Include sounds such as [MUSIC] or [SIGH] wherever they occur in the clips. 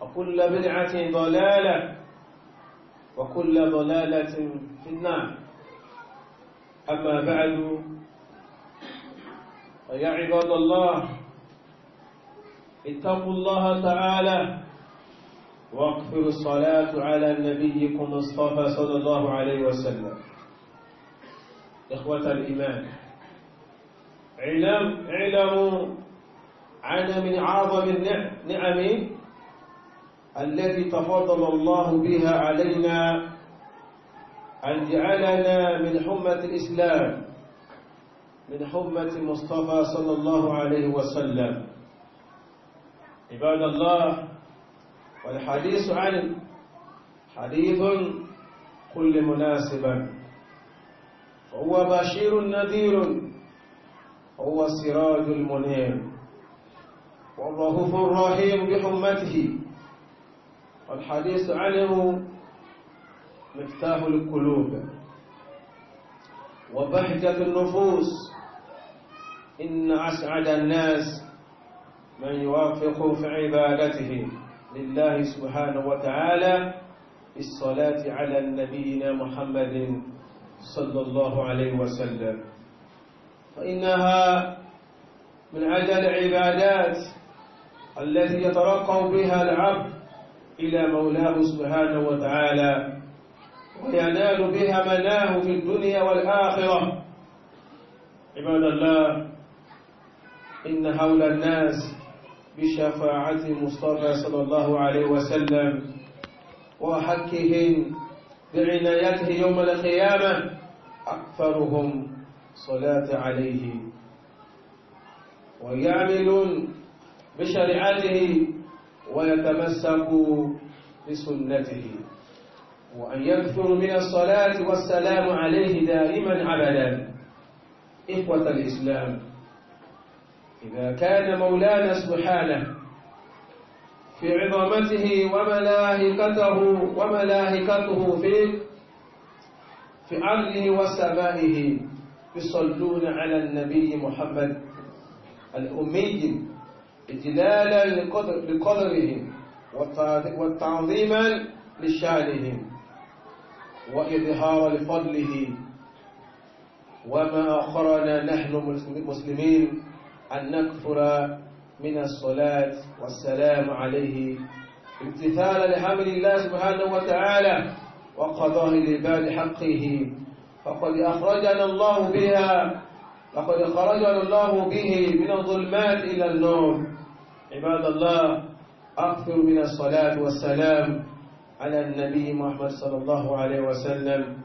وكل بدعة ضلالة وكل ضلالة في النار أما بعد فيا عباد الله اتقوا الله تعالى واقفر الصلاة على نبيكم مصطفى صلى الله عليه وسلم إخوة الإيمان علم علموا عدم من أعظم النعم نعم التي تفضل الله بها علينا أن جعلنا من حمة الإسلام من حمة مصطفى صلى الله عليه وسلم عباد الله والحديث عن حديث كل مناسبا هو بشير نذير هو سراج المنير والرهوف الرحيم بحمته والحديث عنه مفتاح القلوب وبهجة النفوس إن أسعد الناس من يوافق في عبادته لله سبحانه وتعالى بالصلاة على نبينا محمد صلى الله عليه وسلم فإنها من أجل العبادات التي يترقب بها العبد إلى مولاه سبحانه وتعالى وينال بها مناه في الدنيا والآخرة عباد الله إن هول الناس بشفاعة المصطفى صلى الله عليه وسلم وحكهم بعنايته يوم القيامة أكثرهم صلاة عليه ويعمل بشريعته ويتمسك بسنته وأن يكثر من الصلاة والسلام عليه دائما عبدا إخوة الإسلام إذا كان مولانا سبحانه في عظمته وملائكته وملائكته في في أرضه وسمائه يصلون على النبي محمد الأمي إجلالا لقدر لقدرهم وتعظيما لشانهم وإظهارا لفضله وما أخرنا نحن مسلمين أن نكثر من الصلاة والسلام عليه امتثالا لحمد الله سبحانه وتعالى وقضاء لعباد حقه فقد أخرجنا الله بها فقد خرجنا الله به من الظلمات إلى النور عباد الله أكثر من الصلاة والسلام على النبي محمد صلى الله عليه وسلم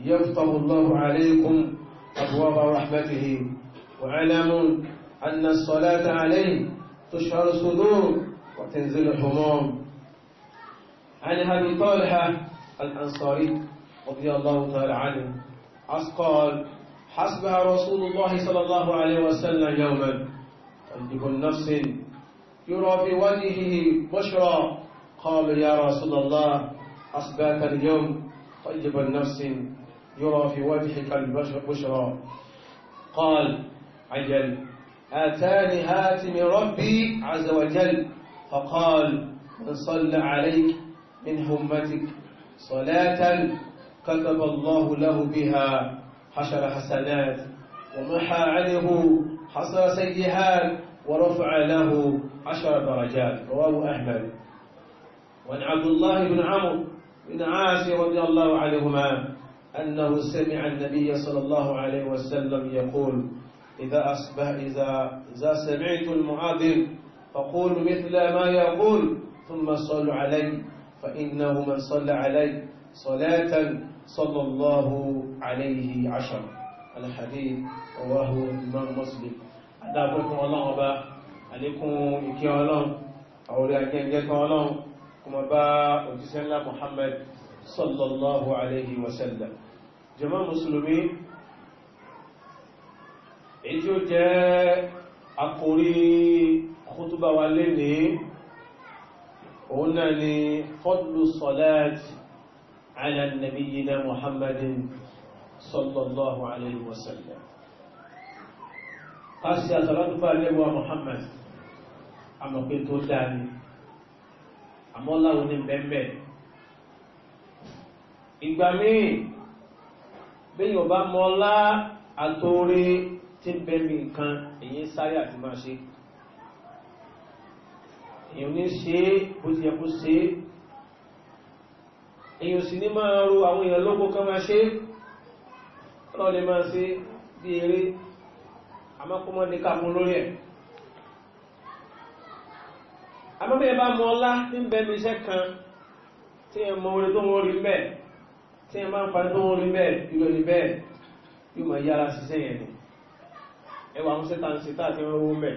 يفتح الله عليكم أبواب رحمته وعلم أن الصلاة عليه تشهر الصدور وتنزل الهموم عن أبي طالحة الأنصاري رضي الله تعالى عنه قال حسبها رسول الله صلى الله عليه وسلم يوما تنجب النفس يرى في وجهه بشرى قالوا يا رسول الله أصبحت اليوم طيب النفس يرى في وجهك البشرى قال عجل آتاني هاتم ربي عز وجل فقال من صلى عليك من همتك صلاة كتب الله له بها حشر حسنات ومحى عنه حصر سيئات ورفع له عشر درجات رواه أحمد وعن عبد الله بن عمرو بن عاص رضي الله عنهما أنه سمع النبي صلى الله عليه وسلم يقول إذا أصبح إذا إذا سمعت المعاذ فقولوا مثل ما يقول ثم صلوا علي فإنه من صلى علي صلاة صلى الله عليه عشر الحديث رواه الإمام مسلم أدعوكم الله أبا àlékún ìkẹ́ ọlọ́run àwòrẹ agẹ́gẹ́ kan ọlọ́run kó máa bá òjíṣẹ́ ńlá Muhammad sallallahu alayhi wa sallam jàmá mùsùlùmí èyí ó jẹ́ àkórí khutba wa lẹ́ni òun náà ni fadlu salat ala nabiyyina sallallahu alayhi wa sallam Kasi lẹ́wọ́ Muhammad àmọ́ pé tó dáa ni àmọ́ láwọn ní bẹ́ẹ̀ ìgbà míì bẹ́yìn ọba mọ́lá àtòrí tí ń bẹ́ẹ̀mì nǹkan èyí sáré àti máa ṣe èyàn ní ṣe bó ti yẹ kó ṣe èyàn sì ní máa ro àwọn èèyàn lógó kan máa ṣe ọlọ́dẹ máa ṣe bí eré àmọ́kọ́mọ́dé kàmú lórí ẹ̀ àmọ́bẹ̀ bá mọ ọlá ní bẹ̀mí iṣẹ́ kan tí ẹ mọ orí tó wọ́n rí bẹ́ẹ̀ tí ẹ máa ń parí tó wọ́n rí bẹ́ẹ̀ irú ẹni bẹ́ẹ̀ yóò máa yára ṣiṣẹ́ yẹn ni ẹwà ń ṣẹta ń ṣẹta àti ẹwọ́n wọ́n bẹ̀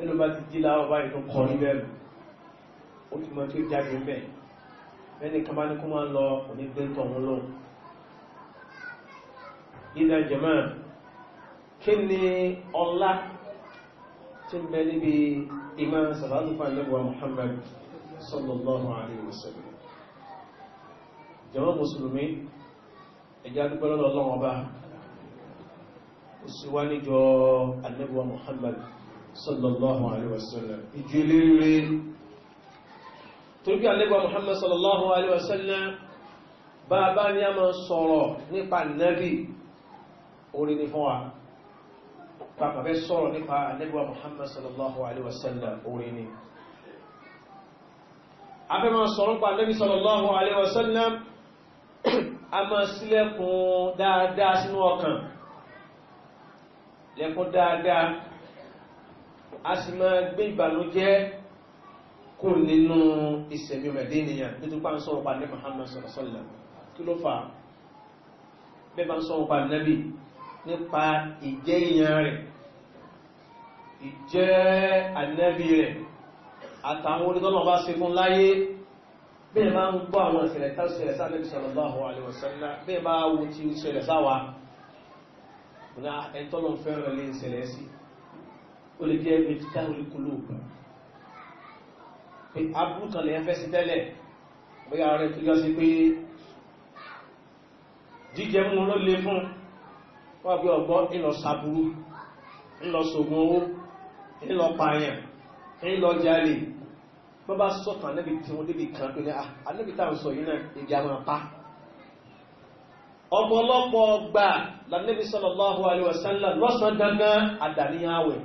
ẹnu bá ti jí láwọ́ báyìí tó kọ níbẹ̀ ó ti mọ tí ó jáde bẹ́ẹ̀ ẹni kan bá ní kó máa lọ òní gbé tọ̀ wọn lọ ilẹ̀ jẹ̀mọ́ kí ni ọlá tí ń bẹ níbi ìmọ̀ sàbátù fún àlẹ́wà Muhammad sallallahu alaihi wasallam jama musulmi ẹjá dúpẹ́ lọ́dọ̀ Ọlọ́run ọba òsìwá níjọ àlẹ́wà Muhammad sallallahu alaihi wasallam ìjú ilé rí torí bí àlẹ́wà Muhammad sallallahu alaihi wasallam bá bá ní a máa sọ̀rọ̀ nípa nábì orí ní fún wa pàpà fẹ́ sọ̀rọ̀ nípa ànábì Muhammad sallallahu alaihi wasallam orin ni a fẹ́ máa sọ̀rọ̀ pa ànábì sallallahu alaihi wasallam a máa sílẹ̀kùn dáadáa sínú ọkàn lẹ́kùn dáadáa a sì máa gbé ìbànújẹ́ kò nínú ìsẹ̀mí rẹ̀dé ènìyàn nítorí pa ń sọ̀rọ̀ pa ànábì Muhammad sallallahu alaihi wasallam kí ló fà bẹ́ẹ̀ bá ń sọ̀rọ̀ pa ànábì nípa ìjẹ́ ìyàn rẹ̀ ìjẹ́ ànábì rẹ̀ àtàwọn onítọ́nà bá ṣe fún láyé bẹ́ẹ̀ máa ń gbọ́ àwọn ìṣẹ̀lẹ̀ tá ṣẹlẹ̀ sáàlẹ́bí sallallahu alaihi wasallam bẹ́ẹ̀ máa wo ti ṣẹlẹ̀ sáwà ọ̀nà ẹ̀tọ́nà fẹ́ràn lè ṣẹlẹ̀ sí ó lè jẹ́ mẹ́tíkàrí kúlóògbà pé abúrúkan lè fẹ́ sí tẹ́lẹ̀ bóyá rẹ̀ tó yọ sí pé jíjẹ mú ló le fún wọ́n bí ọgbọ́n ńlọ sàbúrú ńlọ sògùn owó ńlọ pààyàn ńlọ jalè bọ́ bá sọ́kàn níbi tí wọ́n débi kan tó ní àníbi táwọn sọ yìí náà ìjà máa pa ọmọlọ́pọ̀ gbà lànàbí sallallahu alaihi wasallam lọ́sàn dandan àdàníyàwẹ̀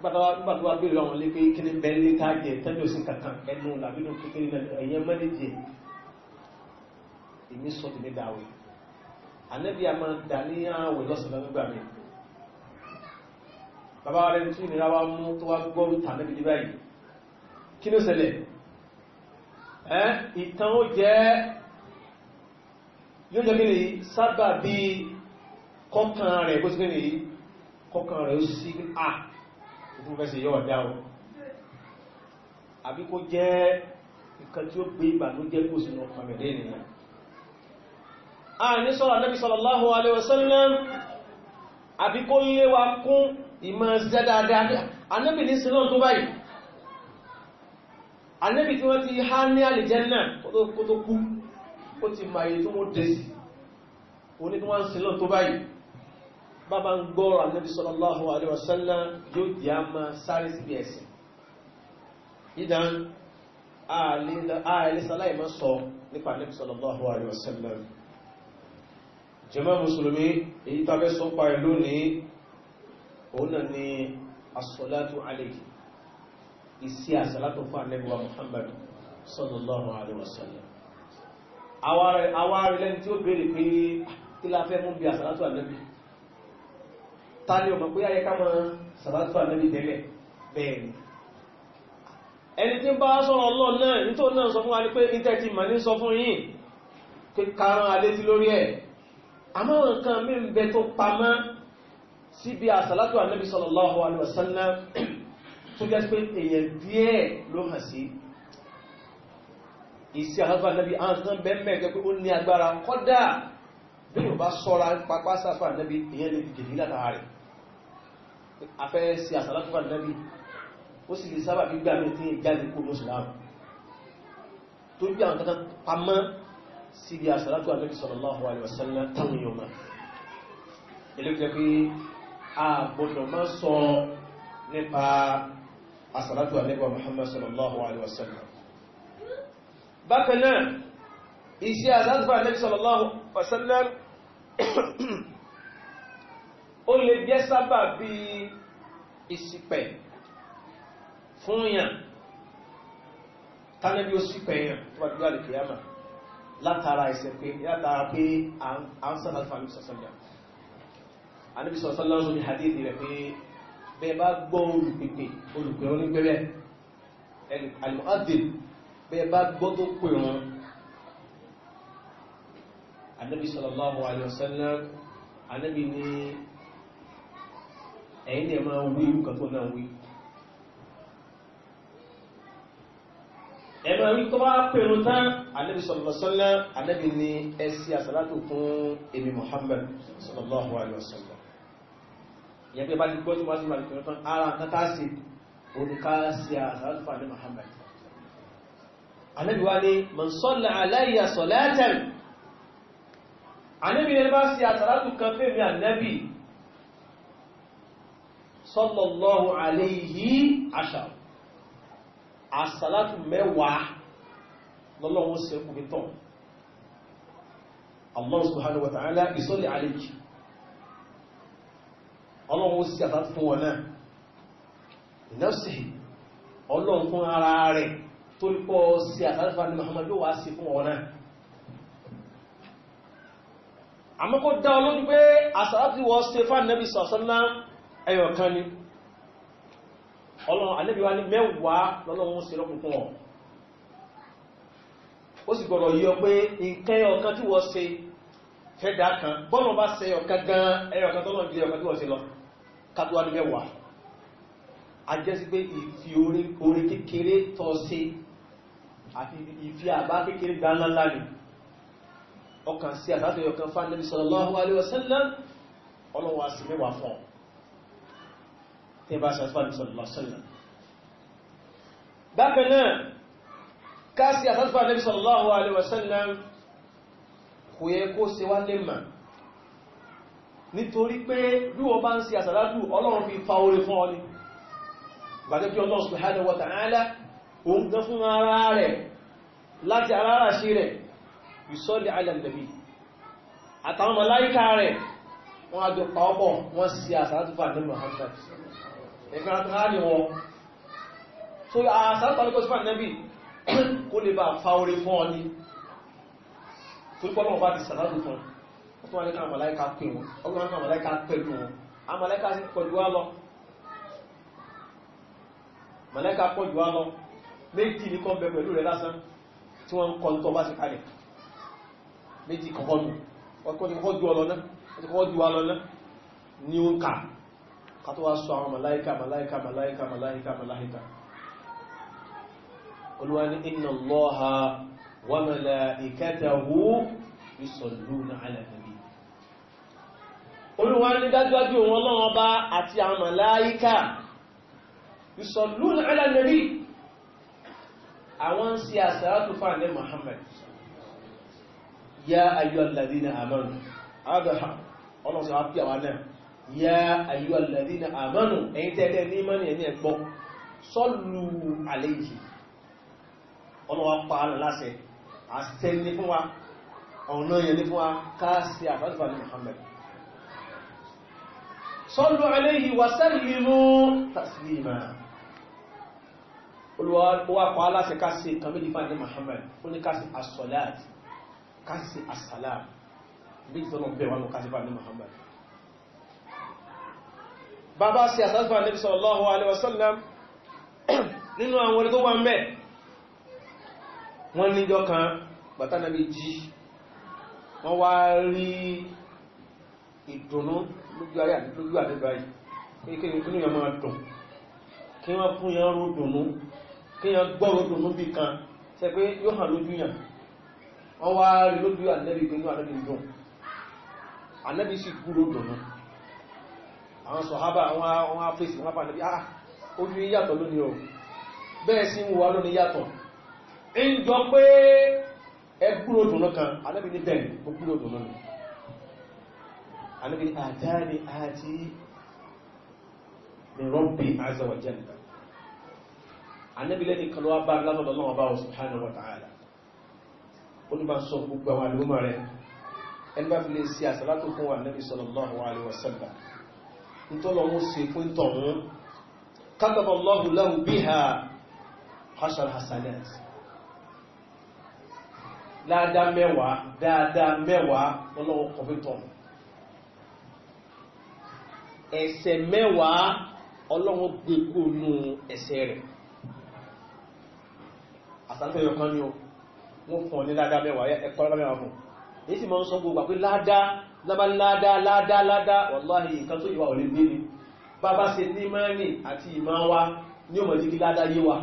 gbàtàwà bí lọ́wọ́n lé pé kí ní bẹ́ẹ̀lẹ́ tààjẹ̀ tẹ́lẹ̀ òsì kankan ẹnu làbínú kékeré náà ẹ̀yẹ mẹ́lẹ́jẹ̀ èmi sọ tẹ̀lé dáwẹ̀ ànẹ́bí a máa dà ní àwẹ̀ lọ́sàn nígbà mi bàbá rẹ̀ tí ìnira wá mú tó wá gbọ́rù tàbí ní báyìí kí ló ṣẹlẹ̀ ẹ́ ìtàn ó jẹ́ yóò jẹ́ gíní sábà bí kọ́kàn rẹ̀ bó ti gíní kọ́kàn rẹ̀ ó sí à fún a ní sọ́rọ̀ Ànábì sallallahu alaihi wasallam àbí kó lé wa kún ìmọ̀ ṣẹ́ dáadáa Ànábì ní sílọ́n tó báyìí Ànábì tí wọ́n ti há ní àlìjẹ́nà kó tó kú ó ti máyé tó mú ń gbọ́rọ̀ Ànábì sallallahu alaihi wasallam yóò jẹ́ àmà sáré síbi ẹ̀sìn ìdán ààlẹ́sàláìmọ́ sọ nípa Ànábì sallallahu alaihi jẹmọ́ musulmi èyí tàbẹ́ sọpa ìlú ní òun ni asọ́látù alẹ́kì isi asọ́látù fún anẹ́gbà muhammad sallallahu alaihi wasallam awárí lẹ́ni tí ó bèèrè pé ah, kí la fẹ́ mú bí asọ́látù anẹ́bì ta ni ọmọ pé ayẹ́ká mọ́ asọ́látù anẹ́bì tẹ́lẹ̀ bẹ́ẹ̀ ẹni tí ń bá sọ̀rọ̀ ọlọ́ọ̀ náà nítorí náà sọ fún wa ní pé intẹ́tì mà ní sọ fún yín kí karán alé sí lórí ẹ̀ àmọ́ nǹkan mi ń bẹ tó pamọ́ síbi àsàlátù ànábì sallallahu alaihi wasallam tó jẹ́ pé èèyàn díẹ̀ ló hàn sí ìsí àsàlátù ànábì àwọn kan bẹ́ẹ̀mẹ́ jẹ́ pé ó ní agbára kọ́dà bí yóò bá sọ́ra pápá sàlátù ànábì èèyàn lè dìde nílá rẹ̀ afẹ́ sí àsàlátù ànábì ó sì lè sábà gbígbà mi tí jáde kó lóṣù láàrùn tó gbé àwọn kankan pamọ́ síbi àṣàlátù àlẹ́bí sallallahu alaihi wasallam táwọn èèyàn máa ilé-ìjẹ́ pé a gbọ́dọ̀ máa sọ nípa àṣàlátù àlẹ́bí Muhammad sallallahu alaihi wasallam bákan náà iṣẹ́ àṣàlátù àlẹ́bí sallallahu alaihi wasallam [CLEARS THROAT] ó lè jẹ́ sábà bí ìṣìpẹ̀ fún tánàbí ó ṣìpẹ̀ yàn tó bá dúró àlè kìyàmà látara ẹ̀sẹ̀ pé látara pé à ń sọ́nà fún àmì sọ́sọ́lá àníbi sọ́sọ́lá ń sọ́bí hadithi rẹ̀ pé bẹ́ẹ̀ bá gbọ́ olùpèpè olùpè wọn nígbẹ́rẹ́ almu'adhin bẹ́ẹ̀ bá gbọ́ tó pè wọn àníbi sallallahu alaihi wasallam àníbi ní ẹ̀yìn ẹ̀ wí nǹkan tó náà wí ẹ̀mọ́ rí kọ́ bá pẹ̀rù tán Ànábì sallallahu alaihi wasallam Ànábì ni ẹsí àsàlátò fún èmi Muhammad sallallahu alaihi wasallam ìyẹn pé bá ti gbọ́ tí wọ́n ti máa pẹ̀rù tán ara kátà sí àsàlátò fún Ànábì Muhammad Ànábì wá ni bá sí àsàlátò kan fẹ́ mi Ànábì sallallahu alayhi ashar àsàlátù mẹ́wàá lọ́lọ́wọ́ sẹ́kù mi tán Allah subhanahu wa ta'ala ìsọ́lẹ̀ àlejì ọlọ́wọ́ sí àtàtù fún wọn náà ìnáṣì ọlọ́wọ́ fún ara rẹ tó ní pọ́ sí fún Muhammadu wa sí fún wọn náà àmọ́kọ́ dá ọlọ́dún pé wọ́n ni ọlọ́run ànábì wa ní mẹ́wàá lọ́lọ́run sí lọ́kùn fún ọ ó sì gbọ́dọ̀ yí ọ pé nǹkan ọ̀kan tí wọ́n ṣe fẹ́dà kan bọ́lọ̀ bá ṣe ọ̀kan gan ẹyọ̀kan tọ́lọ̀ jẹ́ ọ̀kan tí wọ́n ṣe lọ kátúwá ní mẹ́wàá a jẹ́ sí pé ìfi orí kékeré tọ́ sí àti ìfi àbá kékeré dáná ńlá ni ọkàn sí àtàtọ̀ ọkàn fún ànábì sallallahu alaihi wasallam ọlọ́run wa sí mẹ́wàá fún ọ tí bá sàtúfàní sọ̀lọ̀lọ́sọ̀lọ̀ bákan náà káàsì àsàtúfàní sọ̀lọ̀lọ́wọ́ alẹ́wọ̀sọ́lọ̀ kò yẹ kó ṣe wá lè mà nítorí pé bí wọ́n bá ń ṣe àsàlátù ọlọ́run fi fa orí fún ọni gbàdẹ́kí ọlọ́run subhanahu wa ta'ala òun gan fún ara rẹ̀ láti ara rà sí rẹ̀ ìsọ́lì alẹ́lẹ́bí àtàwọn màláíkà rẹ̀ wọ́n nǹkan rárí wọn so àṣàtà ní kọsífà nẹ́bí kó lè bá fa orí fún ọ ní torípọ́lọ́wọ́ bá ti sàlátù fún ọ tó wà ní káwọn màláíkà pè wọn ọgbọ́n káwọn màláíkà pẹ̀lú wọn a màláíkà sí pọ̀jù wá lọ màláíkà pọ̀jù wá lọ méjì ní kọ́ bẹ pẹ̀lú rẹ lásán tí wọ́n ń kọ́ tó bá ti kalẹ̀ méjì kọ̀kọ́ nù wọ́n kọ́ ti kọ́ ju ọ lọ náà ni ó ń kà kátó wá sọ àwọn màláíkà màláíkà màláíkà màláíkà màláíkà olúwa ní inna Allaha wa malaikatahu yusalluna ala nabi olúwa ní dájúdájú òun ọlọ́run ọba àti àwọn màláíkà yusalluna ala nabi àwọn sí àsàrátù fáàlẹ́ Muhammad ya ayyuhal ladhina amanu àádọ́ha ọlọ́sọ̀ á náà yá ayú alẹ́dínà àmánù ẹ̀yìn tẹ́tẹ́ ní mọ́ni ẹ̀mí ẹ̀gbọ́ sọ́lù àlejì ọlọ́wà pààlù láṣẹ àṣẹ́ni fún wa ọ̀nà yẹni fún wa káàsì àfẹ́sùfà ní Muhammad sọ́lù àlejì wà sẹ́lìmú tàṣílìmà olùwà pààlù láṣẹ káàsì kàmílìfà ní Muhammad ó ní káàsì asọ́láàtì káàsì asàlá bí ìtọ́nà bẹ̀rẹ̀ wọn káàsì fà ní Muhammad bàbá sí àsásùfà Ànábì sallallahu alaihi wasallam [CLEARS THROAT] nínú àwọn orí tó wà ń bẹ̀ wọ́n níjọ́ kan bàtà Ànábì jí wọ́n wá rí ìdùnnú lójú ayé lójú àdébáyì kéèkéé inú yẹn máa dùn kí wọ́n fún yẹn rú dùnnú kí yẹn gbọ́rọ̀ dùnnú bí kan ṣe pé yóò hàn lójú yàn wọ́n wá rí lójú Ànábì pé inú Ànábì dùn Ànábì sì kúrò dùnnú àwọn sọ̀hábà àwọn afẹ́sì wọ́n pàdé bí ah ojú yàtọ̀ lónìí o bẹ́ẹ̀ sí wà lónìí yàtọ̀ ń jọ pé ẹgbúrò dùnú kan alẹ́bí ní bẹ́ẹ̀ gbúrò dùnú ni alẹ́bí àdáni àti rọ́bì azawajẹ́ anẹ́bí lẹ́ni kan lọ́wọ́ bá látọ̀dọ̀ náà bá subhanahu wa ta'ala ó ní bá sọ gbogbo àwọn alùmọ̀ rẹ̀ ẹni bá fi lè sí àsàlátò fún wa nẹ́bí sallallahu alaihi wasallam ìtọ́lọ́wọ́ ṣe fún tọ̀hún kataba Allahu lahu biha hashar hasanat láàdá mẹ́wàá dáadáa mẹ́wàá lọ́lọ́wọ́ kọfẹ́tọ̀ ẹ̀ṣẹ̀ mẹ́wàá ọlọ́wọ́ gbẹ̀kú nù ẹ̀ṣẹ̀ rẹ̀ àtàlùfẹ́ yọkan ni o wọ́n fún ọ ní láàdá mẹ́wàá lábá ládá ládá ládá wàláhì nǹkan tó ìwà òlè gbé ni bàbá ṣe ní mẹ́rin àti ìmọ̀ wa ní ọmọ jíkí ládá yé wa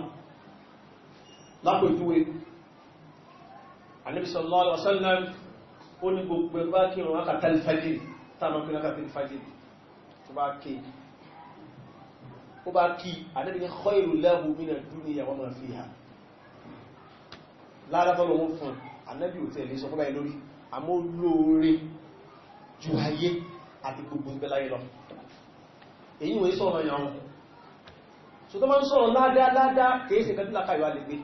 lápò ìjúwe Ànábì sallallahu alaihi wasallam ó ní gbogbo ẹgbá kí wọn kàtà ìfàjìrì tàbí kí wọn kàtà ìfàjìrì tó bá kí ó bá kí Ànábì ní khairu lahu ju ayé àti gbogbo ìgbẹ́láyé lọ èyí wọ́n sọ̀rọ̀ yàn wọn so tó máa ń sọ̀rọ̀ ládáa ládáa kèése kẹtí lákàíwá lè gbé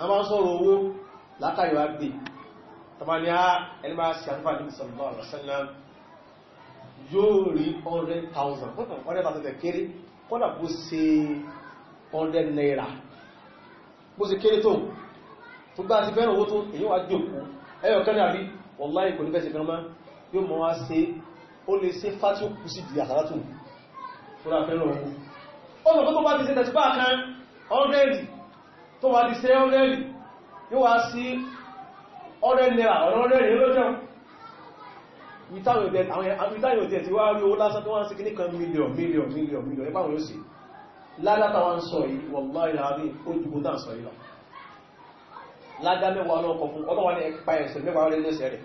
a máa ń sọ̀rọ̀ owó lákàíwá gbé tàbí a ẹni máa sí àrífà ní ìsọ̀lọ́ àrọ̀sẹ́lá yóò rí 100,000 kọ́dẹ̀ bá tẹ́tẹ̀ kéré kọ́dà bó ṣe 100 naira bó ṣe kéré tó tó gbá sí fẹ́ràn owó tó èyí wá jòkó ẹyọ̀kan ní àbí wọ́n láì kò ní fẹ́ yóò mọ́ wá ṣe ó lè ṣe fátí òkú sí di àkàrátù fúra fẹ́ràn ọmọ ó sọ tó bá ti ṣe tẹ̀síbà kan ọ̀rẹ́rì tó wà ti ṣe ọ̀rẹ́rì yóò wá sí ọ̀rẹ́ nira ọ̀rẹ́rì lọ́jọ́ ìtàyò tẹ̀ ti wá rí owó lásán tó wá ń sí kíníkan mílíọ̀n mílíọ̀n mílíọ̀n mílíọ̀n ẹgbà wọn yóò sí lálátàwà ń sọ yìí wallahi láàrin ojúgbótà sọ yìí lọ ládámẹ́wàá lọ́kọ̀ fún ọlọ́wà ní ẹ̀pá ẹ̀sẹ̀ mẹ́wàá lẹ́lẹ́sẹ̀ rẹ̀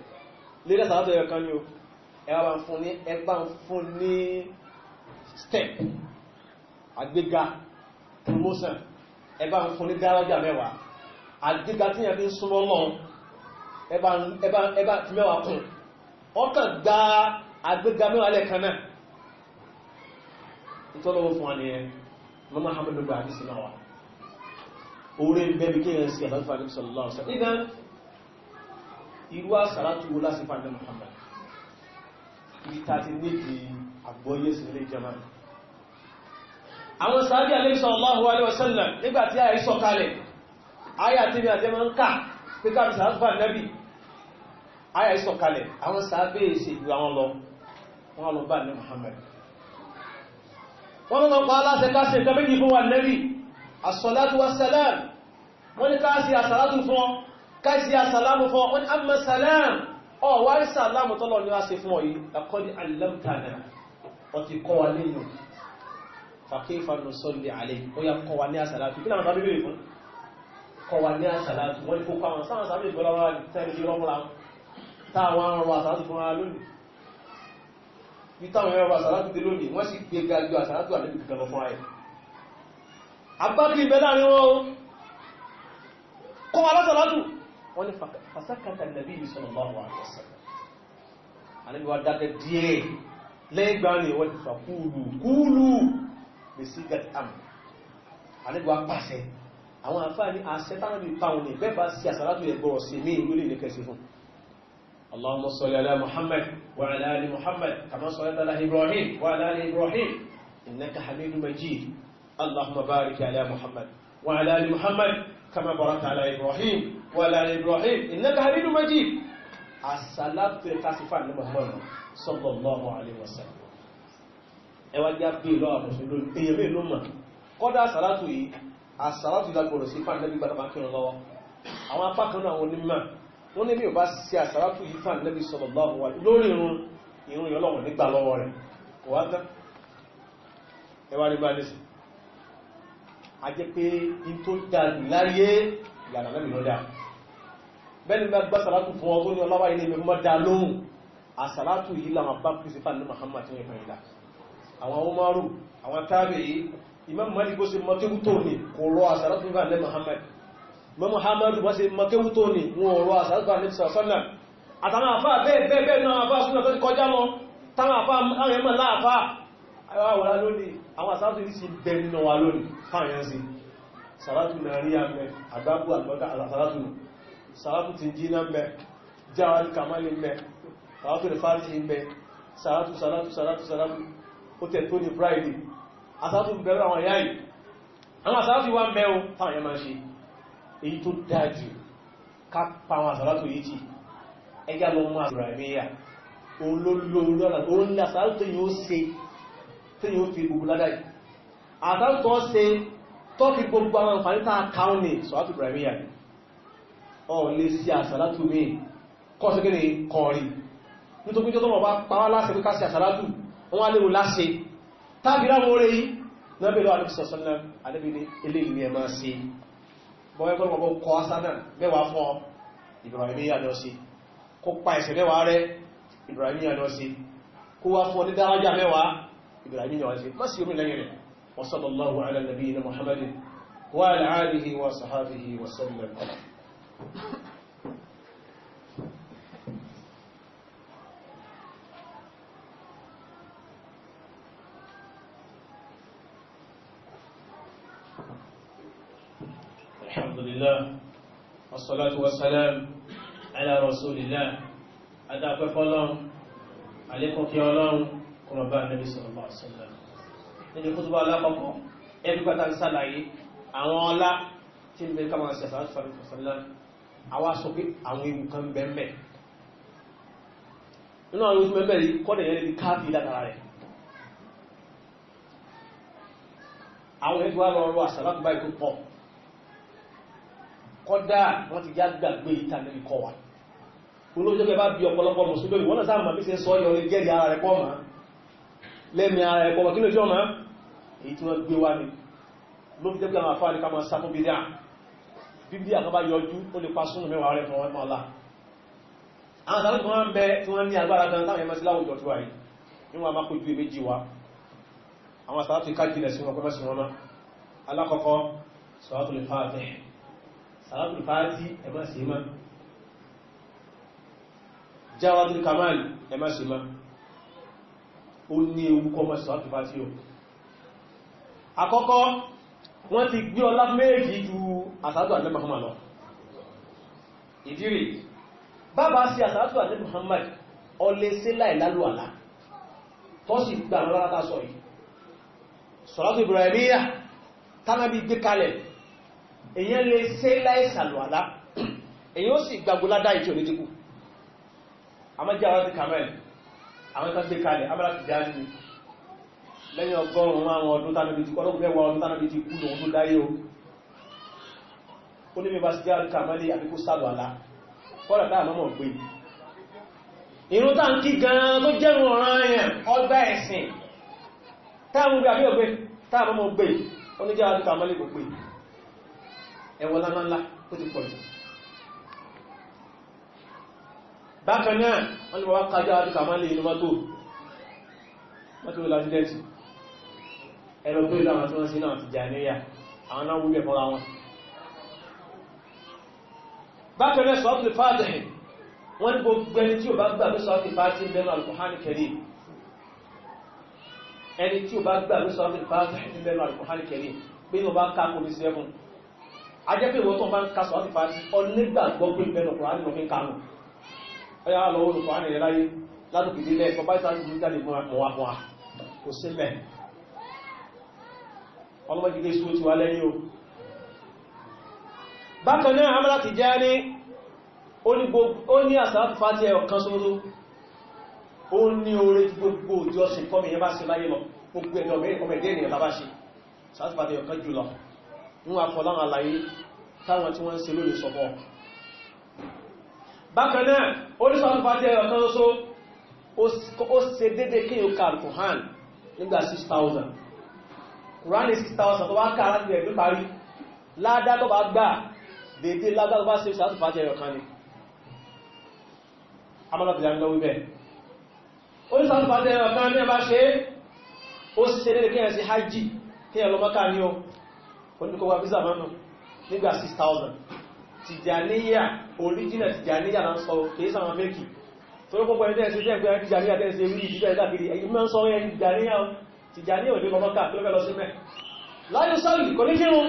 lérí àsàlátù ẹ̀yọ̀ kan ní o ẹwà ń fún ní ẹgbà ń fún ní step àgbéga promotion ẹgbà ń fún ní dárájà mẹ́wàá àgbéga tí yẹn fi ń súnmọ́ lọ́n ẹbá fi mẹ́wàá kùn ọkàn gba àgbéga mẹ́wàá lẹ́ẹ̀kan náà ìtọ́lọ́wọ́ fún wa ni ẹ lọ́mọ hamadu gba àdísì náà wa orí bẹ́ẹ̀ bí kéèyàn sí àbáfà ní sọ̀rọ̀ lọ́wọ́ sọ̀rọ̀ irú àsàlátù wo lásìfà ní Muhammad ibi tàti nídi àgbọ́yé sí ilé jama àwọn sàábí alẹ́sọ̀ aláhùwà alẹ́ ọ̀sẹ́lẹ̀ nígbàtí àyà ìsọ kalẹ̀ àyà tí ni àjẹ́mọ́ ń kà pé ká sàábà nẹ́bì àyà ìsọ kalẹ̀ àwọn sàábé èsì ìlú àwọn lọ wọ́n lọ bá ní fún ọ káìsí àsàlámù fún ọkùn Amma sàlám ọwá ìsàlámù tọ́lọ ní wáṣe fún ọ̀yí àkọ́dí alamtana ọtí kọwa nínú fàkífà nù sọ́lẹ̀ alẹ́ ó yà kọwa ní àsàlátù kí láwọn bíbélì fún kọwa ní àsàlátù wọ́n kó kọwa sáwọn sábẹ̀ ìgbọ́lọ́wọ́ tẹ́lẹ̀ yọ́mọ́ra táwọn ọrọ̀ àsàlátù fún ara lónìí ìtàwọn ẹ̀rọ àsàlátù dé lónìí wọ́n sì gbé gajú àsàlátù àlébì gan lọ fún ayé agbákí ìbẹ̀ láàrin wọn kọwa lásàlátù wọ́n ní fasakata nàbí sallallahu alaihi wasallam àníbi wá dáadẹ́ díẹ̀ lẹ́yìn gbá ní wọ́n ti fà kúlù kúlù lè sí gẹ̀t am àníbi wá pàṣẹ àwọn àfáà ní àṣẹ táwọn bí pàwọn ní sí àsàlátù ẹgbọ́rọ̀ sí mí ìlú lè kẹsì fún اللهم صل على محمد وعلى ال محمد كما صليت على ابراهيم وعلى ال ابراهيم انك حميد مجيد اللهم بارك على محمد وعلى ال محمد كما باركت على ابراهيم wàlà Ibrahim innaka Hamidum Majid àsàlátò ẹ̀ka sí fún àlẹ́mọ̀ mọ́rọ̀ sallallahu alaihi wasallam ẹwà jẹ́ pé lọ àbọ̀sùn lórí èyàn mẹ́ ló mọ̀ kọ́dá àsàlátò yìí àsàlátò ìlàgbọ̀rọ̀ sí fún àlẹ́bí gbàdàmà kírun lọ́wọ́ àwọn apá kan náà wọn ní mà wọn ní bí ò bá ṣe àsàlátò yìí fún àlẹ́bí sallallahu alaihi lórí irun irun yọlọ́wọ̀ nígbà lọ́wọ́ rẹ̀ wọ́n tán ẹwà rí bá nísìn a jẹ́ pé in tó dà láyé ìlànà lẹ́bí lọ́dà bẹ́ẹ̀ni bá gbá sàlátù fún ọdún ní ọlọ́wà ilé ìwé mọ́dá lóhun àsàlátù yìí làwọn bá kú sí fàánù Muhammad ní ẹ̀kọ́ ìlà àwọn Umaru àwọn tábì yìí Imam Malik bó ṣe mọ́kéwú tó kò rọ àsàlátù fún fàánù Muhammad mọ́ bó ṣe mọ́kéwú tó ní rọ àsàlátù fún fàánù àtàwọn àfá salatu tinjina mbẹ jawal kamali mbẹ salatu rifarji mbẹ salatu salatu salatu salatu ó tẹ̀ tó ní friday asalatu bẹ̀rẹ̀ àwọn ẹ̀yà yìí àwọn asalatu wá mbẹ́ o táwọn yẹ máa ṣe èyí tó dájú ká pa àwọn asalatu yìí ti ẹjá lọ mú àdúrà ìmẹ́yà òun ló lórí ọ̀nà òun ní asalatu yìí ó ṣe tí yóò fi gbogbo ládá yìí asalatu tó ṣe tó fi gbogbo àwọn àǹfààní tá a káwọn ní sọ́wọ́tù ibrahimiyya ọ̀n lè sí àsàlátù mi kọ́ ṣe kéde kọ̀ọ̀rì nítorí tó tọ́lọ̀ bá pàwà láṣẹ pé ká sí àsàlátù wọ́n wá léwu láṣẹ tábí láwọn orí yìí náà bèèrè wà lóṣìṣẹ́ sọ́nà alébìnrin eléyìí ẹ̀ máa ṣe bọ́ẹ̀ pẹ́lú ọkọ̀ kọ́ sánà mẹ́wàá fọ́ ìbìrànlẹ́yà وصلى الله على نبينا محمد وعلى آله وصحابه وسلم الحمد لله والصلاة والسلام على رسول الله أدعى فالله عليكم في الله كما بقى النبي صلى الله عليه وسلم nínú kútùbà alákọ̀ọ́kọ́ ẹbí pátá ń sàlàyé àwọn ọlá tí ń bẹ káwọn àṣẹ àṣàlùfàṣàlá àwa sọ pé àwọn ewu kan bẹ́ẹ̀mẹ́ nínú àwọn ewu mẹ́mẹ́ rí kọ́dẹ̀ yẹn rí káàkiri látara rẹ̀ àwọn ẹgbẹ́ wa lọ́rọ̀ àsàlátù báyìí tó pọ̀ kọ́dà wọ́n ti já gbàgbé ìta lórí kọ́ wa olóòjọ́ bẹ́ẹ̀ bá bí ọ̀pọ̀lọpọ̀ mùsùlùmí wọ́n náà sáà mọ̀ bí ṣe sọ yọ lè gẹ́rì ara rẹ̀ pọ̀ mọ́ lẹ́mí ara rẹ̀ pọ̀ mọ́ kí lóòjọ́ mọ́ èyí tí wọ́n gbé wa ni ló fi jẹ́ pé àwọn àfáà ká máa sá fún bídíà bíbí àkọ́bá yọjú ó lè pa súnmù mẹ́wàá rẹ̀ fún ọmọ ọlá àwọn tàbí kan ń bẹ tí wọ́n ní agbára gan láwọn ẹmọ́sí láwùjọ tó wáyé ní wọ́n a máa kójú méjì wá àwọn sàátù kájìlẹ̀ sí wọn pẹ́ mẹ́sì wọn alákọ̀ọ́kọ́ sàátù lè fàájì sàátù lè fàájì ẹmọ́sì mọ́ jáwádù wọ́n ti gbé ọlá méjì ju àsàlátù ànábì Muhammad lọ ìdírí bàbá sí àsàlátù ànábì Muhammad ọlẹ́ sí láìlálù àlá tó sì gbà lọ́rátá sọ yìí sọ̀rọ̀tù Ibrahimiyya tánàbí gbé kalẹ̀ èyàn lè sí láìsàlù àlá èyàn ó sì gbàgbó ládá ìtì onídíkù àmọ́jẹ́ àwọn ti kàmẹ́lì àwọn tó gbé kalẹ̀ abúlá ti já ní lẹ́yìn ọgọ́rùn-ún àwọn ọdún tánàbí ti kú lòun tó dáyé o ó ní bíbá sí jẹ́ àríkà mẹ́lẹ̀ àbíkú sálọ àlá fọ́nà táà mọ́mọ̀ pé irun táà ń kí gan tó jẹ́rù ọ̀ràn ẹ̀yàn ọgbà ẹ̀sìn táà mú gbé àbí ọgbẹ́ táà mọ́mọ̀ pé ó ní jẹ́ àríkà mẹ́lẹ̀ kò pé ẹwọ lánàlá ó ti pọ̀jù bákan náà wọ́n ni wọ́n kájọ́ àríkà mẹ́lẹ̀ inú mọ́tò mọ́tò lásìdẹ́sì ẹ̀rọ pé láwọn tí wọ́n sí náà ti jà níyà àwọn náà wúlẹ̀ fọ́ra wọn bákan náà sọ́ọ́tù fàtẹ̀ wọ́n ní gbogbo ẹni tí ó bá gbà ló sọ́ọ́tù fàtẹ̀ mẹ́nu alùkùnhánì kẹrì ẹni tí ó bá gbà ló sọ́ọ́tù fàtẹ̀ mẹ́nu alùkùnhánì kẹrì pé ní o bá ká ìwọ́n tó ń ń bákan náà Amara Tijani ó ní àsàlátù fàtí ẹ̀yọ̀ kan sóòrò ó ní orí gbogbo òjò ṣe kọ́mì yẹn bá ṣe láyé lọ gbogbo ẹ̀dọ̀ ọmọdé ènìyàn bá bá ṣe àsàlátù fàtí ẹ̀yọ̀ kan jùlọ wọ́n afọ́láwọn àlàyé táwọn tí wọ́n ń ṣe lórí sọpọ̀ bákan náà ó ní àsàlátù fàtí ẹ̀yọ̀ kan só ó ṣe dédé kí o kàrù kùhán nígbà 6,000 kùránì 6,000 tó wá kàrù láti ẹ̀dùn parí ládá tó bá gbà dédé lágbàgbà sí ìṣàtù fàájẹ ẹ̀yọ̀kan ni amọ́lọ́bìnrin lọ wíbẹ̀ ó ní ìṣàtù fàájẹ ẹ̀yọ̀kan ní ẹbá ṣe ó ṣe lè kíyàn sí hajji kíyàn lọ mọ́ká ní ọ oníkọwà visa mọ́nà nígbà 6,000 tìjàníyà original tìjàníyà na ń sọ kìí sàmà mẹ́kì tó lọ́pọ̀ pẹ̀lú ẹ̀sẹ̀ jẹ́ ìgbẹ̀rẹ̀ tìjàníyà tẹ́ẹ̀sẹ̀ wí ìjíjẹ́ ìdàkiri èyí mọ́ sọ ẹ̀ tìjàníyà tìjàníyà òdí kọmọ́ká tó fẹ́ lọ sí mẹ́ láyé sọ́lì kò ní kírun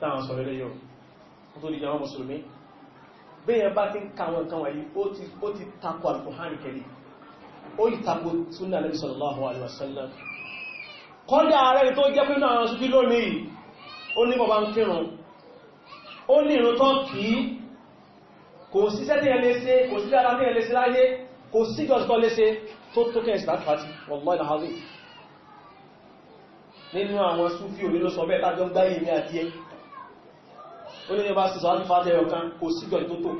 táwọn sọ lẹ́lẹ́ yóò tó di jàmọ́ mùsùlùmí bí yẹn bá ti ń ka àwọn nǹkan wáyé ó ti takò alkùnhánì kẹrì ó yí takò súnà Ànábì sallallahu alaihi wasallam kọ́dá ààrẹ tó jẹ́ pé náà sójú lónìí ó ní bàbá ń kírun ó ní ìrún tó kì í kò síṣẹ́ tí ẹ lè ṣe kò sí dára tí ẹ lè ṣe láyé kò sí jọ́sọ́ lè ṣe tó tó kẹ́ ìsìlá pàtí wallahi alazim nínú àwọn súfí òní ló sọ bẹ́ẹ̀ tájọ́ gbáyé ní àti ẹ́ ó ní ẹbá sísọ láti fàájẹ́ ọ̀kan kò síjọ ìtótó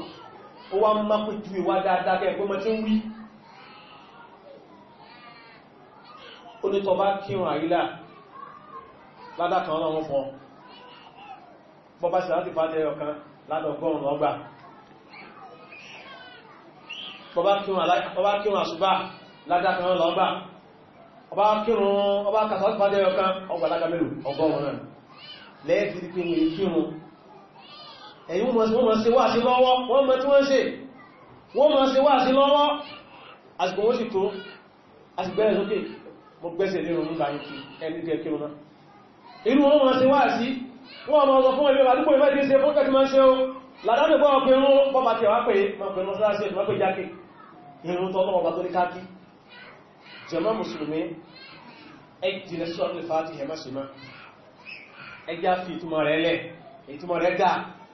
ó wá má pè ju ìwá dáadáa kẹ́ ẹ̀kọ́ mọ́ ń wí ó ní tọba kírun àrílà ládàkan náà wọ́n bọ́bá sísọ láti fàájẹ́ ọ̀kan ládọ̀gọ́rùn ọgbà bọ́bá kírun àṣùbá ládàkan náà lọ́gbà ọba kírun ọba kàtàkì ẹ̀yìn wọ́n mọ́ sí wá sí lọ́wọ́ wọ́n mọ́ tí wọ́n ṣe wọ́n mọ́ sí wá sí lọ́wọ́ àsìkò wọ́n sì tó àsìgbẹ́rẹ̀ sókè mo gbẹ́sẹ̀ lérò nígbà yìí ẹni jẹ́ kí wọ́n inú wọ́n mọ́ sí wá sí wọ́n mọ́ sọ fún ẹgbẹ́ àdúgbò ìfẹ́ tí ń ṣe fún kẹ́kì máa ń ṣe o làdánù gbọ́ ọkùn irun bọ́bá tí wá pé máa pè mọ́sálásí ẹ̀dùn mọ́pẹ́ jákè irun tó lọ́wọ́ bá tó ní káàkì jàmá mùsùlùmí ẹjìnlẹ̀ sọ́ọ̀lẹ̀ fàájì ẹ̀mọ́sùmá ẹjá fi ìtumọ̀ rẹ̀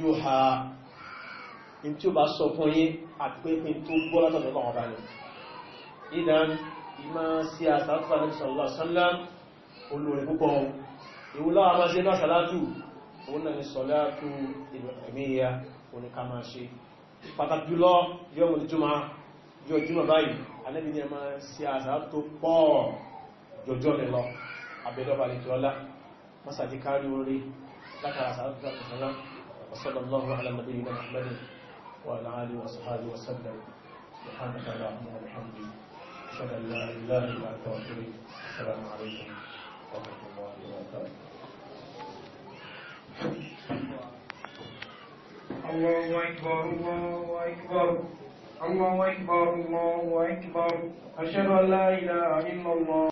yóò ha in tí ó bá sọ fún yí àpépin tó gbọ́ látọ̀dọ̀ kan ọba ni ìdán ìmọ̀ sí àsàlátù àti sọ̀rọ̀ sọ́lá olórí púpọ̀ ìwú láwà máa ṣe náà sàlátù òun náà ni sọ̀látù ìmìyà oníká máa ṣe pàtàkì jùlọ yóò mú jùmọ̀ yóò jùmọ̀ báyìí alẹ́bí ni a máa sí àsàlátù tó pọ̀ jọjọ́ mi lọ abẹ́lọ́bà lè jọ́lá mọ́sàdíkárí orí látara àsàlátù àti sọ̀lá وصلى الله على نبينا محمد وعلى آله وصحبه وسلم سبحانك اللهم وبحمدك أشهد أن لا إله إلا أنت السلام عليكم ورحمة الله وبركاته الله أكبر الله أكبر الله أكبر الله أكبر أشهد أن لا إله إلا الله